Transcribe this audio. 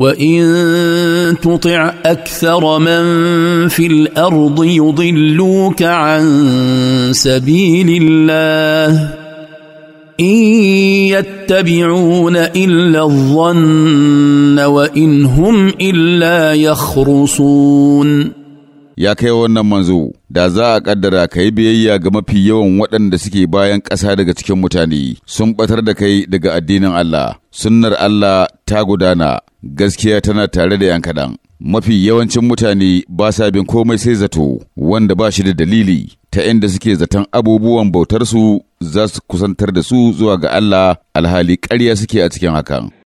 وان تطع اكثر من في الارض يضلوك عن سبيل الله ان يتبعون الا الظن وان هم الا يخرصون ya kai wannan manzo da za a kaddara ka yi biyayya ga mafi yawan waɗanda suke bayan ƙasa daga cikin mutane sun ɓatar da kai daga addinin Allah sunnar Allah ta gudana gaskiya tana tare da yan kaɗan. Mafi yawancin mutane ba sa bin komai sai zato wanda ba shi da dalili ta inda suke zaton abubuwan bautarsu za su kusantar da su zuwa ga Allah alhali ƙarya suke a cikin hakan.